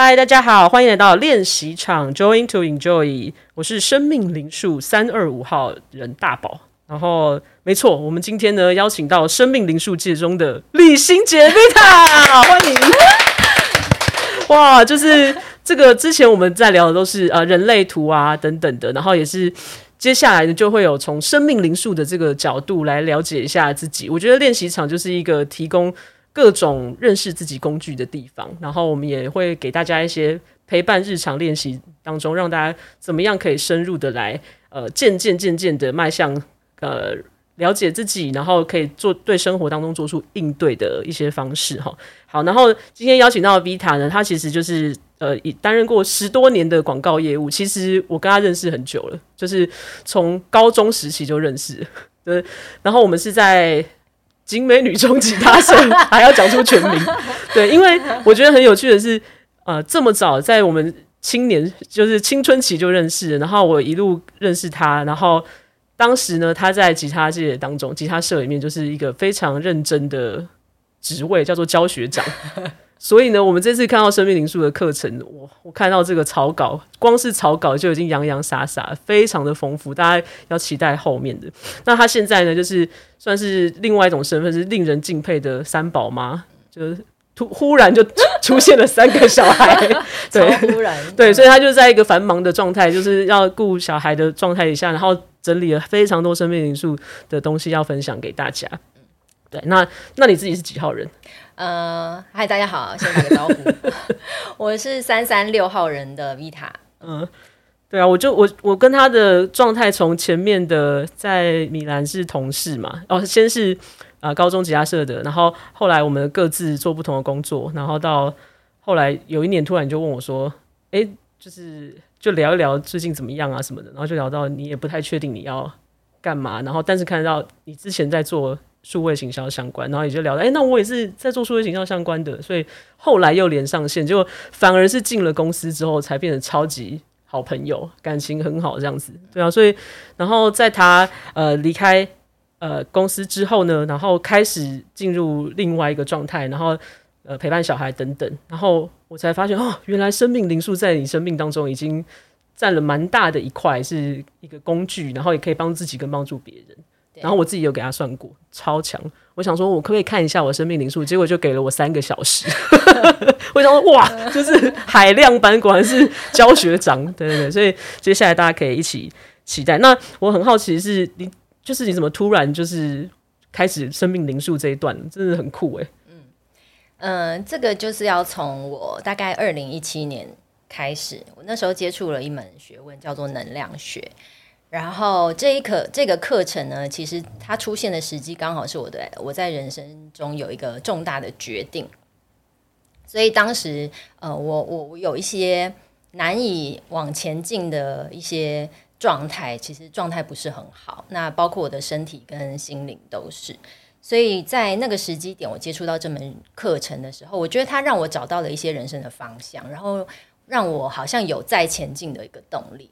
嗨，Hi, 大家好，歡迎來到練息場，Join to Enjoy。我是生命靈數三二五號人大寶。然後，沒錯，我們今天呢邀請到生命靈數界中的李欣杰 Vita， 歡迎。 哇，就是這個之前我們在聊的都是呃人類圖啊等等的，然後也是接下來呢就會有從生命靈數的這個角度來了解一下自己。我覺得練息場就是一個提供。各種認識自己工具的地方，然後我們也會給大家一些陪伴日常練習當中，讓大家怎麼樣可以深入的來呃，漸漸漸漸的邁向呃了解自己，然後可以做對生活當中做出應對的一些方式哈、哦。好，然後今天邀請到的 Vita 呢，她其實就是呃，已擔任過十多年的廣告業務。其實我跟她認識很久了，就是從高中時期就認識，對、就是，然後我們是在。景美女中吉他社，還要講出全名， 對，因為我覺得很有趣的是，呃，這麼早在我們青年就是青春期就認識，然後我一路認識他，然後當時呢，他在吉他界當中，吉他社裡面就是一個非常認真的職位，叫做教學長。 所以呢，我們這次看到生命靈數的課程，我我看到這個草稿，光是草稿就已經洋洋灑灑，非常的豐富，大家要期待後面的。那他現在呢，就是算是另外一種身份，是令人敬佩的三寶媽，就突忽然就出現了三個小孩， 對，忽然，對，所以他就在一個繁忙的狀態，就是要顧小孩的狀態下，然後整理了非常多生命靈數的東西要分享給大家。對，那那你自己是幾號人？呃，嗨，大家好，先打個招呼， 我是三三六號人的 Vita。嗯、呃，對啊，我就我我跟他的狀態從前面的在米蘭是同事嘛，哦，先是啊、呃、高中吉他社的，然後後來我們各自做不同的工作，然後到後來有一年突然就問我說，誒，就是就聊一聊最近怎麼樣啊什麼的，然後就聊到你也不太確定你要幹嘛，然後但是看到你之前在做。數位行銷相關，然後也就聊到，哎、欸，那我也是在做數位行銷相關的，所以後來又連上線，結果反而是進了公司之後，才變成超級好朋友，感情很好這樣子，對啊，所以然後在他呃離開呃公司之後呢，然後開始進入另外一個狀態，然後呃陪伴小孩等等，然後我才發現哦，原來生命靈數在你生命當中已經佔了蠻大的一塊，是一個工具，然後也可以幫助自己跟幫助別人。然後我自己有給他算過，超強！我想說，我可不可以看一下我生命靈數？結果就給了我三個小時。 我想說，哇，就是海量班，果然是教學長， 對對對。所以接下來大家可以一起期待。那我很好奇是，是你就是你怎麼突然就是開始生命靈數這一段，真的很酷誒、欸。嗯嗯、呃，這個就是要從我大概二零一七年開始，我那時候接觸了一門學問，叫做能量學。然後這一課這個課程呢，其實它出現的時機剛好是我的，我在人生中有一個重大的決定，所以當時呃我我我有一些難以往前進的一些狀態，其實狀態不是很好，那包括我的身體跟心靈都是。所以在那個時機點，我接觸到這門課程的時候，我覺得它讓我找到了一些人生的方向，然後讓我好像有再前進的一個動力。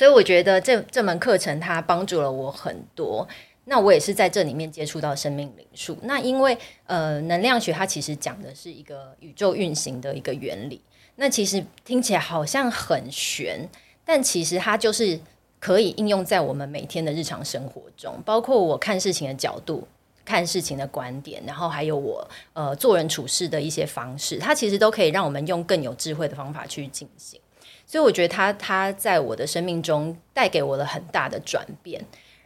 所以我覺得這這門課程它幫助了我很多。那我也是在這裡面接觸到生命靈數。那因為呃能量學它其實講的是一個宇宙運行的一個原理。那其實聽起來好像很玄，但其實它就是可以應用在我們每天的日常生活中，包括我看事情的角度、看事情的觀點，然後還有我呃做人處事的一些方式，它其實都可以讓我們用更有智慧的方法去進行。所以我覺得他他在我的生命中帶給我了很大的轉變。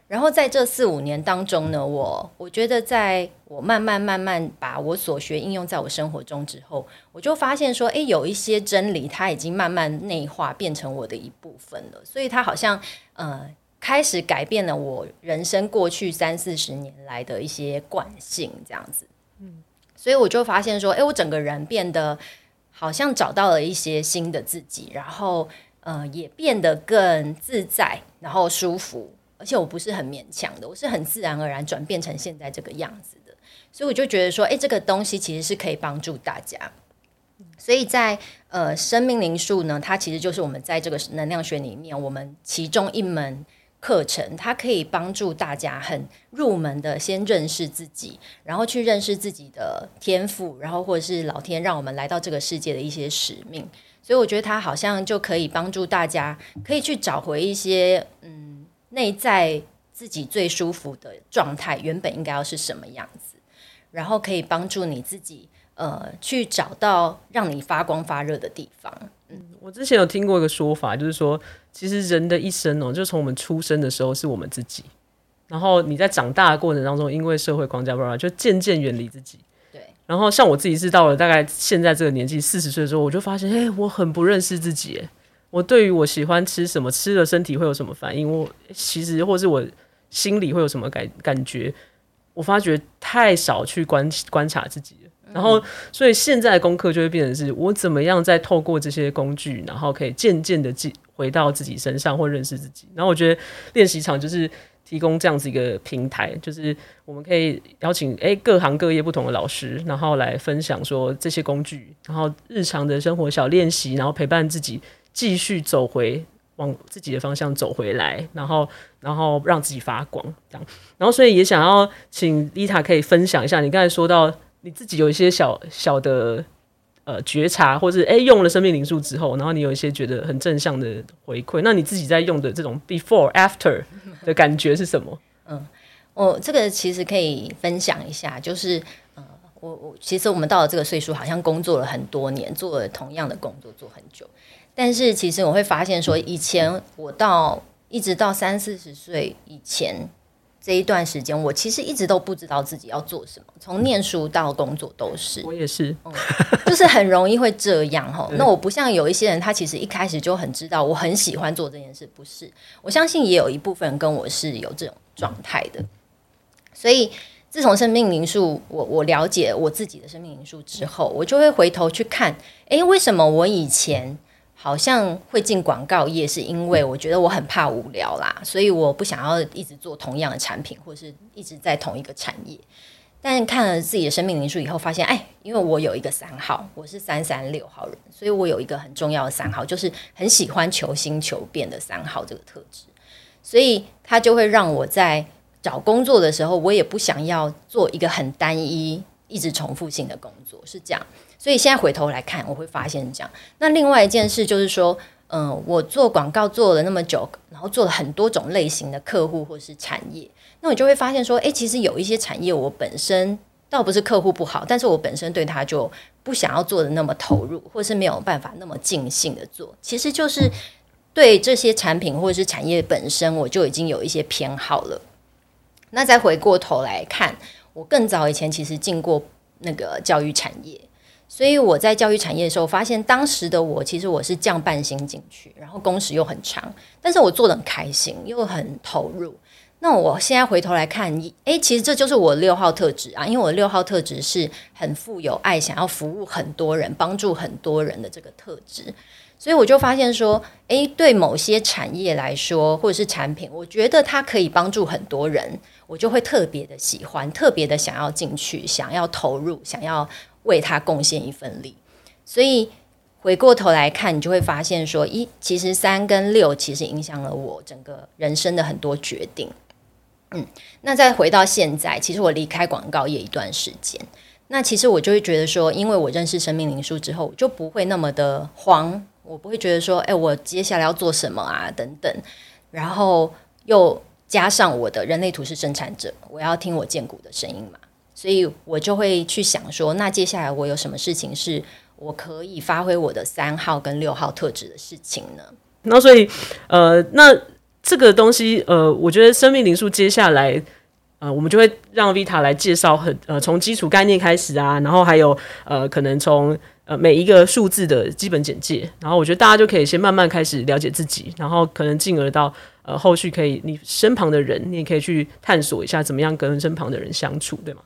然後在這四五年當中呢，我我覺得在我慢慢慢慢把我所學應用在我生活中之後，我就發現說，誒，有一些真理，它已經慢慢內化變成我的一部分了。所以它好像呃，開始改變了我人生過去三四十年來的一些慣性，這樣子。嗯，所以我就發現說，誒，我整個人變得。好像找到了一些新的自己，然後呃也變得更自在，然後舒服，而且我不是很勉強的，我是很自然而然轉變成現在這個樣子的，所以我就覺得說，誒、欸，這個東西其實是可以幫助大家。所以在呃生命靈數呢，它其實就是我們在這個能量學裡面，我們其中一門。課程，它可以幫助大家很入門的先認識自己，然後去認識自己的天賦，然後或者是老天讓我們來到這個世界的一些使命。所以我覺得它好像就可以幫助大家，可以去找回一些嗯內在自己最舒服的狀態，原本應該要是什麼樣子，然後可以幫助你自己呃去找到讓你發光發熱的地方。我之前有聽過一個說法，就是說，其實人的一生哦，就從我們出生的時候是我們自己，然後你在長大的過程當中，因為社會框架吧，就漸漸遠離自己。對。然後像我自己是到了大概現在這個年紀，四十歲的時候，我就發現，哎，我很不認識自己。誒，我對於我喜歡吃什麼，吃了身體會有什麼反應？我其實或是我心裡會有什麼感感覺？我發覺太少去觀觀察自己了。嗯、然後，所以現在的功課就會變成是我怎麼樣再透過這些工具，然後可以漸漸的進回到自己身上或認識自己。然後我覺得練習場就是提供這樣子一個平台，就是我們可以邀請誒、欸、各行各業不同的老師，然後來分享說這些工具，然後日常的生活小練習，然後陪伴自己繼續走回往自己的方向走回來，然後然後讓自己發光這樣。然後所以也想要請 Vita 可以分享一下你剛才說到，你自己有一些小小的呃覺察，或者誒用了生命靈數之後，然後你有一些覺得很正向的回饋，那你自己在用的這種 before after 的感覺是什麼？嗯，我這個其實可以分享一下，就是、呃、我我其實我們到了這個歲數，好像工作了很多年，做了同樣的工作做很久，但是其實我會發現說，以前我到、嗯、一直到三四十歲以前。這一段時間，我其實一直都不知道自己要做什麼，從念書到工作都是。我也是、 嗯，就是很容易會這樣哈。 對那我不像有一些人，他其實一開始就很知道我很喜歡做這件事，不是？我相信也有一部分人跟我是有這種狀態的。所以，自從生命靈數，我我了解我自己的生命靈數之後，我就會回頭去看，哎、欸，為什麼我以前好像會進廣告業，是因為我覺得我很怕無聊啦，所以我不想要一直做同樣的產品，或是一直在同一個產業。但看了自己的生命靈數以後，發現哎，因為我有一個三號，我是三三六號人，所以我有一個很重要的三號，就是很喜歡求新求變的三號這個特質，所以它就會讓我在找工作的時候，我也不想要做一個很單一。一直重複性的工作是這樣，所以現在回頭來看，我會發現這樣。那另外一件事就是說，嗯、呃，我做廣告做了那麼久，然後做了很多種類型的客戶或是產業，那我就會發現說，誒，其實有一些產業，我本身倒不是客戶不好，但是我本身對它就不想要做得那麼投入，或是沒有辦法那麼盡興地做。其實就是對這些產品或者是產業本身，我就已經有一些偏好了。那再回過頭來看。我更早以前其實進過那個教育產業，所以我在教育產業的時候，發現當時的我其實我是降半薪進去，然後工時又很長，但是我做得很開心，又很投入。那我現在回頭來看，哎，其實這就是我六號特質啊，因為我六號特質是很富有愛，想要服務很多人，幫助很多人的這個特質。所以我就發現說，誒，對某些產業來說，或者是產品，我覺得它可以幫助很多人，我就會特別的喜歡，特別的想要進去，想要投入，想要為它貢獻一份力。所以回過頭來看，你就會發現說，咦，其實三跟六其實影響了我整個人生的很多決定。嗯，那再回到現在，其實我離開廣告業一段時間，那其實我就會覺得說，因為我認識生命靈數之後，我就不會那麼的慌。我不會覺得說，誒、欸，我接下來要做什麼啊？等等，然後又加上我的人類圖是生產者，我要聽我薦骨的聲音嘛，所以我就會去想說，那接下來我有什麼事情是我可以發揮我的三號跟六號特質的事情呢？那所以，呃，那這個東西，呃，我覺得生命靈數接下來，呃，我們就會讓 Vita 來介紹很呃，從基礎概念開始啊，然後還有呃，可能從。呃，每一個數字的基本簡介，然後我覺得大家就可以先慢慢開始了解自己，然後可能進而到，呃，後續可以，你身旁的人，你也可以去探索一下怎麼樣跟身旁的人相處，對嗎？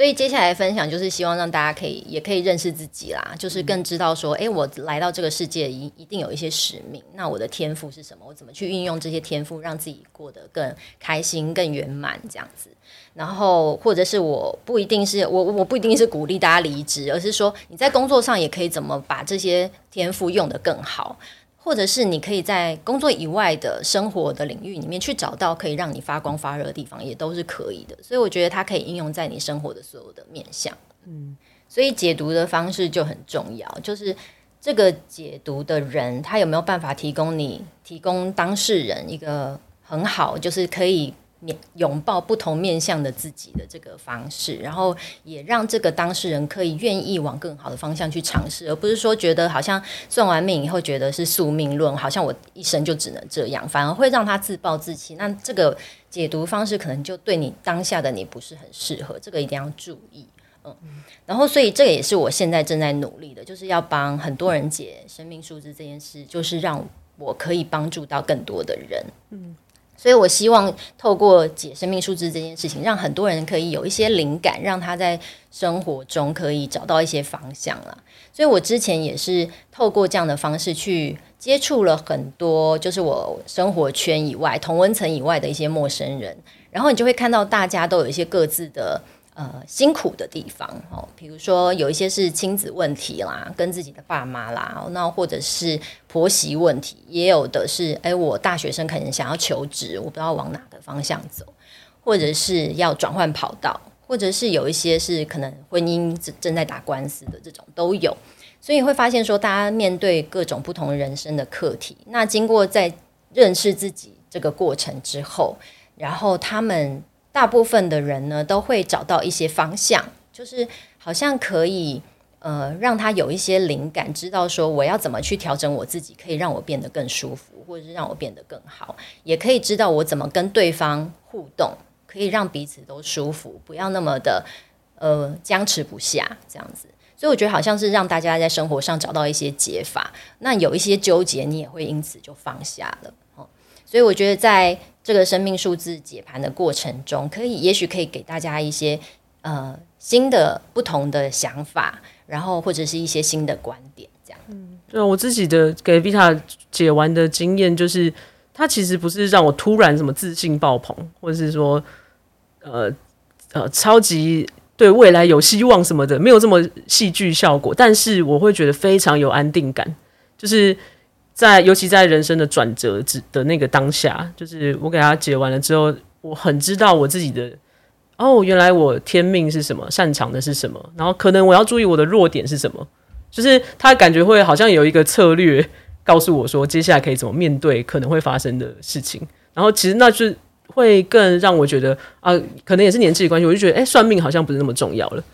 所以接下來分享就是希望讓大家可以也可以認識自己啦，就是更知道說，哎、欸，我來到這個世界一一定有一些使命，那我的天賦是什麼？我怎麼去運用這些天賦，讓自己過得更開心、更圓滿這樣子。然後，或者是我不一定是我，我不一定是鼓勵大家離職，而是說你在工作上也可以怎麼把這些天賦用得更好。或者是你可以在工作以外的生活的領域裡面去找到可以讓你發光發熱的地方，也都是可以的。所以我覺得它可以應用在你生活的所有的面向。嗯，所以解讀的方式就很重要，就是這個解讀的人他有沒有辦法提供你，提供當事人一個很好，就是可以。擁抱不同面向的自己的這個方式，然後也讓這個當事人可以願意往更好的方向去嘗試，而不是說覺得好像算完命以後覺得是宿命論，好像我一生就只能這樣，反而會讓他自暴自棄。那這個解讀方式可能就對你當下的你不是很適合，這個一定要注意。嗯，嗯，然後所以這個也是我現在正在努力的，就是要幫很多人解生命數字這件事，就是讓我可以幫助到更多的人。嗯。所以，我希望透過解生命數字這件事情，讓很多人可以有一些靈感，讓他在生活中可以找到一些方向了。所以我之前也是透過這樣的方式去接觸了很多，就是我生活圈以外、同溫層以外的一些陌生人，然後你就會看到大家都有一些各自的。呃，辛苦的地方哦，比如說有一些是親子問題啦，跟自己的爸媽啦，那或者是婆媳問題，也有的是，哎、欸，我大學生可能想要求職，我不知道往哪個方向走，或者是要轉換跑道，或者是有一些是可能婚姻正正在打官司的這種都有，所以你會發現說，大家面對各種不同人生的課題，那經過在認識自己這個過程之後，然後他們。大部分的人呢，都會找到一些方向，就是好像可以，呃，讓他有一些靈感，知道說我要怎麼去調整我自己，可以讓我變得更舒服，或者是讓我變得更好，也可以知道我怎麼跟對方互動，可以讓彼此都舒服，不要那麼的，呃，僵持不下這樣子。所以我覺得好像是讓大家在生活上找到一些解法，那有一些糾結，你也會因此就放下了。所以我覺得，在這個生命數字解盤的過程中，可以也許可以給大家一些呃，新的不同的想法，然後或者是一些新的觀點，這樣。嗯，對啊，我自己的給 Vita 解完的經驗，就是它其實不是讓我突然什麼自信爆棚，或者是說呃呃超級對未來有希望什麼的，沒有這麼戲劇效果。但是我會覺得非常有安定感，就是。在，尤其在人生的轉折之的那個當下，就是我給他解完了之後，我很知道我自己的，哦，原來我天命是什麼，擅長的是什麼，然後可能我要注意我的弱點是什麼，就是他感覺會好像有一個策略告訴我說，接下來可以怎麼面對可能會發生的事情，然後其實那就是會更讓我覺得啊，可能也是年紀的關係，我就覺得，哎，算命好像不是那麼重要了。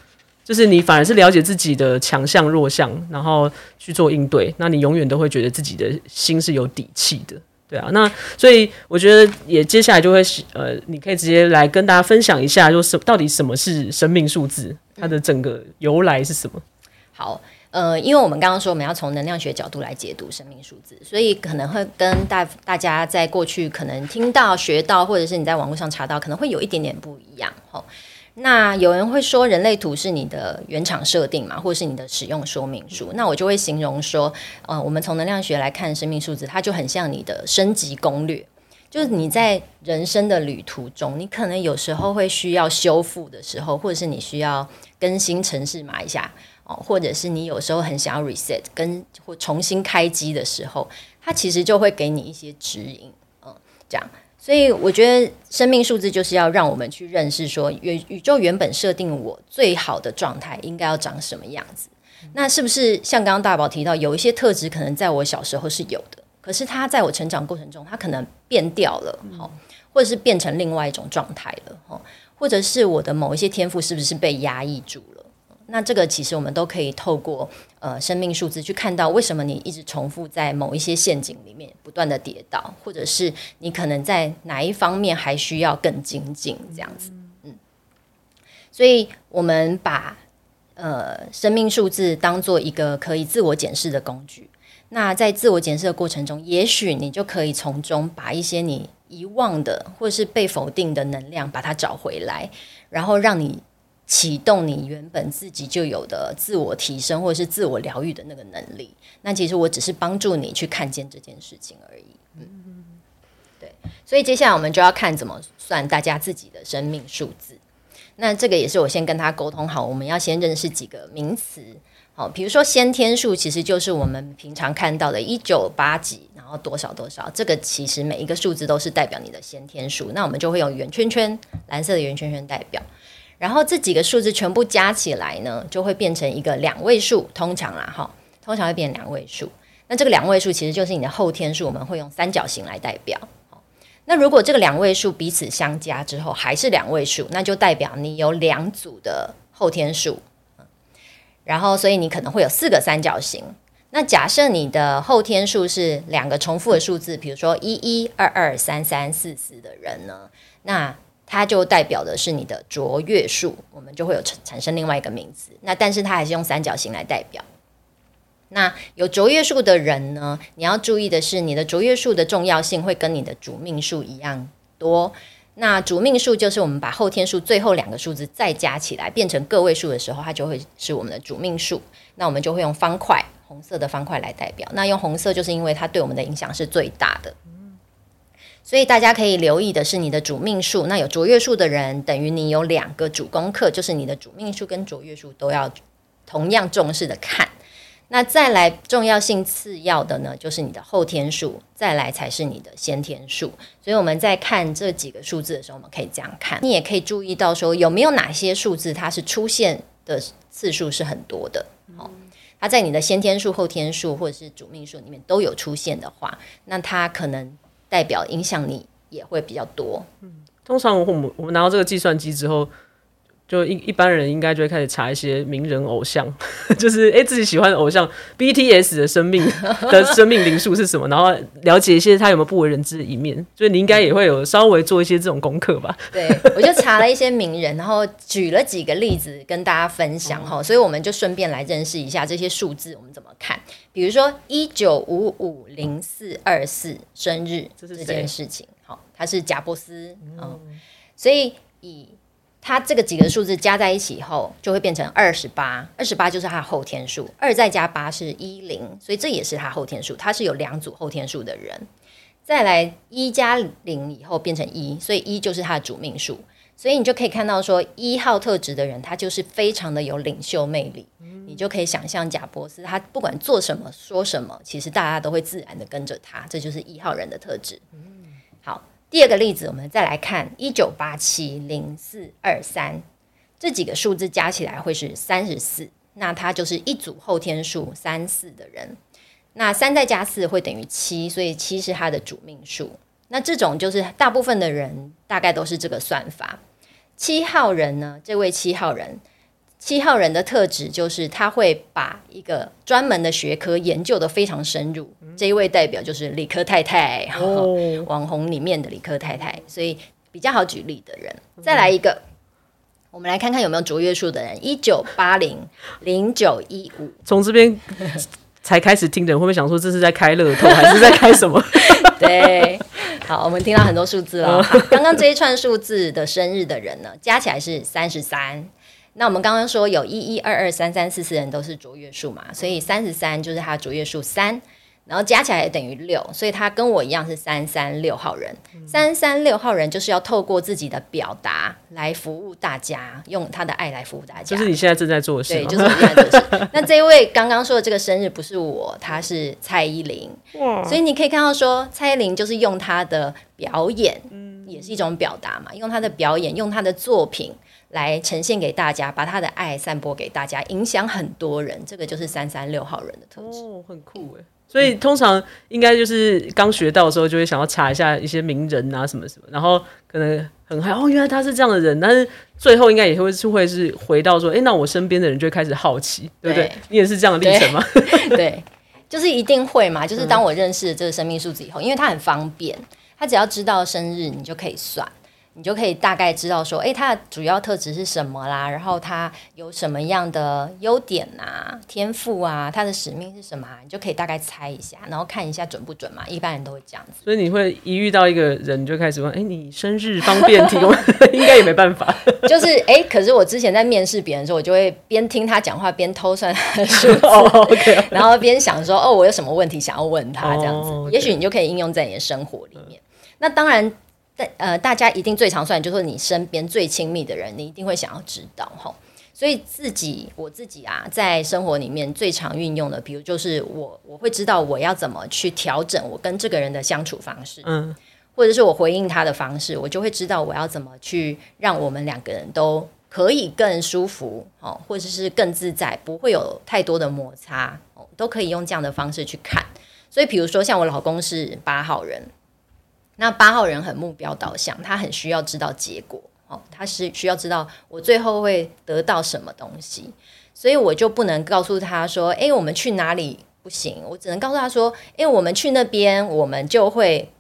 就是你反而是了解自己的強項弱項，然後去做應對，那你永遠都會覺得自己的心是有底氣的，對啊。那所以我覺得也接下來就會呃，你可以直接來跟大家分享一下，就是到底什麼是生命數字，它的整個由來是什麼？嗯、好，呃，因為我們剛剛說我們要從能量學角度來解讀生命數字，所以可能會跟大大家在過去可能聽到學到，或者是你在網絡上查到，可能會有一點點不一樣，吼。那有人會說，人類圖是你的原廠設定嘛，或是你的使用說明書？那我就會形容說，呃，我們從能量學來看生命數字，它就很像你的升級攻略。就是你在人生的旅途中，你可能有時候會需要修復的時候，或者是你需要更新程式碼一下，哦、呃，或者是你有時候很想要 reset，跟或重新開機的時候，它其實就會給你一些指引，嗯、呃，這樣。所以我覺得生命數字就是要讓我們去認識，說原宇宙原本設定我最好的狀態應該要長什麼樣子。那是不是像剛剛大寶提到，有一些特質可能在我小時候是有的，可是它在我成長過程中，它可能變掉了，好，或者是變成另外一種狀態了，好，或者是我的某一些天賦是不是被壓抑住了？那這個其實我們都可以透過呃，生命數字去看到，為什麼你一直重複在某一些陷阱裡面不斷的跌倒，或者是你可能在哪一方面還需要更精進這樣子。嗯，嗯，所以我們把呃生命數字當做一個可以自我檢視的工具。那在自我檢視的過程中，也許你就可以從中把一些你遺忘的或是被否定的能量把它找回來，然後讓你。啟動你原本自己就有的自我提升或者是自我療癒的那個能力。那其實我只是幫助你去看見這件事情而已。嗯，對。所以接下來我們就要看怎麼算大家自己的生命數字。那這個也是我先跟他溝通好，我們要先認識幾個名詞。好，哦，比如說先天數，其實就是我們平常看到的一九八幾，然後多少多少，這個其實每一個數字都是代表你的先天數。那我們就會用圓圈圈，藍色的圓圈圈代表。然後這幾個數字全部加起來呢，就會變成一個兩位數，通常啦哈，哦，通常會變兩位數。那這個兩位數其實就是你的後天數，我們會用三角形來代表。哦，那如果這個兩位數彼此相加之後還是兩位數，那就代表你有兩組的後天數。然後，所以你可能會有四個三角形。那假設你的後天數是兩個重複的數字，比如說一一、二二、三三、四四的人呢，那它就代表的是你的卓越數，我們就會有產生另外一個名字。那但是它還是用三角形來代表。那有卓越數的人呢，你要注意的是，你的卓越數的重要性會跟你的主命數一樣多。那主命數就是我們把後天數最後兩個數字再加起來變成個位數的時候，它就會是我們的主命數。那我們就會用方塊，紅色的方塊來代表。那用紅色就是因為它對我們的影響是最大的。所以大家可以留意的是你的主命數，那有卓越數的人，等於你有兩個主功課，就是你的主命數跟卓越數都要同樣重視的看。那再來重要性次要的呢，就是你的後天數，再來才是你的先天數。所以我們在看這幾個數字的時候，我們可以這樣看，你也可以注意到說有沒有哪些數字它是出現的次數是很多的。好，哦，它在你的先天數、後天數或者是主命數裡面都有出現的話，那它可能。代表影響力也會比較多。嗯，通常我們我們拿到這個計算機之後。就一一般人應該就會開始查一些名人偶像，呵呵就是哎、欸、自己喜歡的偶像，BTS 的生命的生命靈數是什麼？ 然後了解一些他有沒有不為人知的一面。所以你應該也會有稍微做一些這種功課吧？對，我就查了一些名人， 然後舉了幾個例子跟大家分享哈、嗯哦。所以我們就順便來認識一下這些數字，我們怎麼看？比如說一九五五零四二四生日這，這件事情，好、哦，他是賈伯斯、哦、嗯，所以以他這個幾個數字加在一起以後，就會變成二十八，二十八就是他的後天數。二再加八是一零，所以這也是他後天數。他是有兩組後天數的人。再來一加零以後變成一，所以一就是他的主命數。所以你就可以看到說，一號特質的人，他就是非常的有領袖魅力。你就可以想象賈伯斯，他不管做什麼說什麼，其實大家都會自然的跟着他。這就是一號人的特質。好。第二個例子，我們再來看一九八七零四二三這幾個數字加起來會是三十四，那它就是一組後天數三四的人，那三再加四會等於七，所以七是他的主命數。那這種就是大部分的人大概都是這個算法。七號人呢，這位七號人。七號人的特質就是他會把一個專門的學科研究得非常深入。嗯、這一位代表就是理科太太，然後、哦嗯、網紅裡面的理科太太，所以比較好舉例的人。再來一個，嗯、我們來看看有沒有卓越數的人。一九八零零九一五，從這邊才開始聽的人會不會想說這是在開樂透還是在開什麼？ 對，好，我們聽到很多數字了。剛剛這一串數字的生日的人呢，加起來是三十三。那我們剛剛說有一一二二三三四四人都是卓越數嘛，所以三十三就是他卓越數三，嗯，然後加起來等於六，所以他跟我一樣是三三六號人。三三六號人就是要透過自己的表達來服務大家，用他的愛來服務大家。就是你現在正在做的事。對，就是現在做事。 那這一位剛剛說的這個生日不是我，他是蔡依林。哇所以你可以看到說，蔡依林就是用他的表演，嗯，也是一種表達嘛，用他的表演，用他的作品。來呈現給大家，把他的愛散播給大家，影響很多人。這個就是三三六號人的特質哦，很酷誒。嗯、所以通常應該就是剛學到的時候，就會想要查一下一些名人啊什麼什麼，然後可能很嗨哦，原來他是這樣的人。但是最後應該也會是會是回到說，哎，那我身邊的人就會開始好奇，對不對？對。你也是這樣的歷程嗎？對， 對，就是一定會嘛。就是當我認識了這個生命數字以後，嗯、因為他很方便，他只要知道生日，你就可以算。你就可以大概知道說，哎、欸，他的主要特質是什麼啦？然後他有什麼樣的優點啊、天賦啊？他的使命是什麼、啊？你就可以大概猜一下，然後看一下準不準嘛？一般人都會這樣子。所以你會一遇到一個人，就開始問，哎、欸，你生日方便提供？ 應該也沒辦法。就是，哎、欸，可是我之前在面試別人的時候，我就會邊聽他講話邊偷算他的數字，oh, okay. 然後邊想說，哦，我有什麼問題想要問他？這樣子，oh, okay. 也許你就可以應用在你的生活裡面。嗯、那當然。但呃，大家一定最常算，就是你身邊最親密的人，你一定會想要知道，吼。所以自己我自己啊，在生活裡面最常運用的，比如就是我我會知道我要怎麼去調整我跟這個人的相處方式，嗯，或者是我回應他的方式，我就會知道我要怎麼去讓我們兩個人都可以更舒服，哦，或者是更自在，不會有太多的摩擦，都可以用這樣的方式去看。所以比如說，像我老公是八號人。那八號人很目標導向，他很需要知道結果。哦，他是需要知道我最後會得到什麼東西，所以我就不能告訴他說：“欸，我們去哪裡？”不行，我只能告訴他說：“欸，我們去那邊，我們就會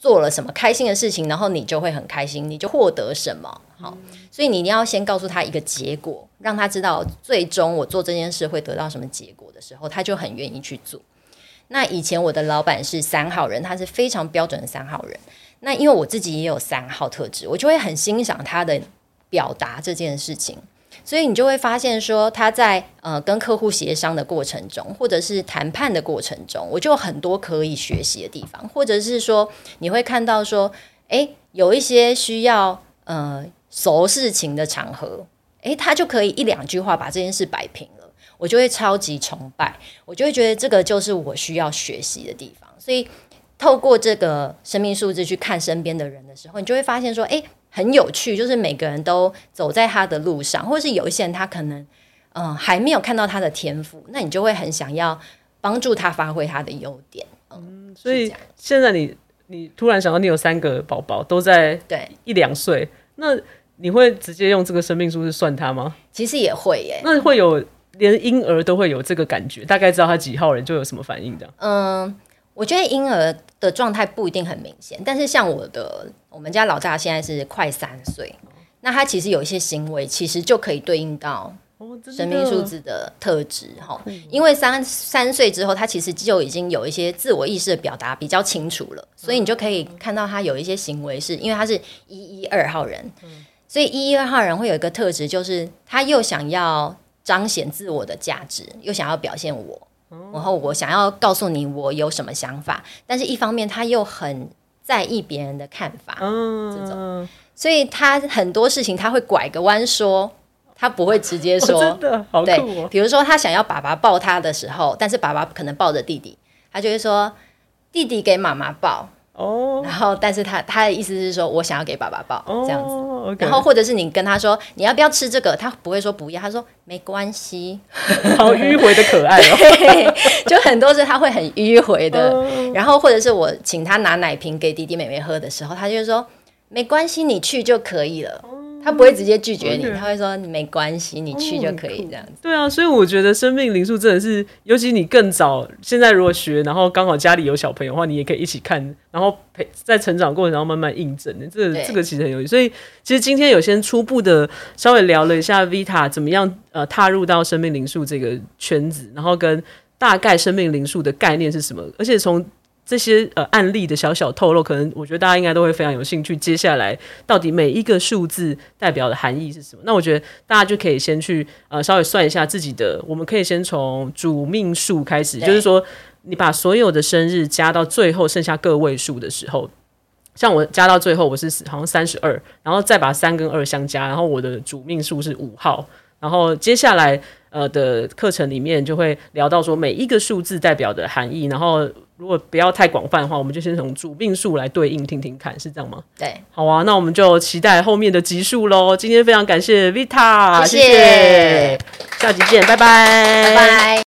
做了什麼開心的事情，然後你就會很開心，你就獲得什麼好，哦。”所以你一定要先告訴他一個結果，讓他知道最終我做這件事會得到什麼結果的時候，他就很願意去做。那以前我的老闆是三號人，他是非常標準的三號人。那因為我自己也有三號特質，我就會很欣賞他的表達這件事情。所以你就會發現說，他在呃跟客戶協商的過程中，或者是談判的過程中，我就有很多可以學習的地方。或者是說，你會看到說，誒、欸、有一些需要呃熟事情的場合，誒、欸、他就可以一兩句話把這件事擺平了。我就會超級崇拜，我就會覺得這個就是我需要學習的地方。所以透過這個生命數字去看身邊的人的時候，你就會發現說，哎，很有趣，就是每個人都走在他的路上，或是有一些人他可能，嗯，還沒有看到他的天賦，那你就會很想要幫助他發揮他的優點。嗯，所以現在你你突然想到你有三個寶寶都在對一兩歲，那你會直接用這個生命數字算他嗎？其實也會耶，那會有。連嬰兒都會有這個感覺，大概知道他幾號人就有什麼反應的。嗯，我覺得嬰兒的狀態不一定很明顯，但是像我的我們家老大現在是快三歲，哦、那他其實有一些行為，其實就可以對應到生命數字的特質。哈、哦，因為三三歲之後，他其實就已經有一些自我意識的表達比較清楚了，嗯、所以你就可以看到他有一些行為是，是、嗯、因為他是一一二號人，嗯、所以一一二號人會有一個特質，就是他又想要，彰顯自我的價值，又想要表現我，然後我想要告訴你我有什麼想法，但是一方面他又很在意別人的看法，嗯，這種，所以他很多事情他會拐個彎說，他不會直接說。哦哦、真的好酷哦、對，比如說他想要爸爸抱他的時候，但是爸爸可能抱着弟弟，他就會說弟弟給媽媽抱，哦，然後但是他他的意思是說我想要給爸爸抱、哦、這樣子。Okay. 然後，或者是你跟他說，你要不要吃這個？他不會說不要，他說沒關係。 好 迂迴的可愛哦，就很多次他會很迂迴的。Oh. 然後，或者是我請他拿奶瓶給弟弟妹妹喝的時候，他就說沒關係，你去就可以了。Oh. 他不會直接拒絕你，嗯、他會說沒關係，嗯、你去就可以這樣子。對啊，所以我覺得生命靈數真的是，尤其你更早現在如果學，然後剛好家裡有小朋友的話，你也可以一起看，然後陪在成長過程，然後慢慢印證。這個、對這個其實很有意思。所以其實今天有先初步的稍微聊了一下 Vita 怎麼樣呃踏入到生命靈數這個圈子，然後跟大概生命靈數的概念是什麼，而且從。這些呃案例的小小透露，可能我覺得大家應該都會非常有興趣。接下來到底每一個數字代表的含義是什麼？那我覺得大家就可以先去呃稍微算一下自己的。我們可以先從主命數開始，對就是說你把所有的生日加到最後剩下個位數的時候，像我加到最後我是好像三十二，然後再把三跟二相加，然後我的主命數是五號。然後接下來呃的課程裡面就會聊到說每一個數字代表的含義，然後。如果不要太廣泛的話，我們就先從主命數來對應聽聽看，是這樣嗎？對，好啊，那我們就期待後面的集數嘍。今天非常感謝 Vita，謝謝，謝謝下集見， 拜拜，拜拜。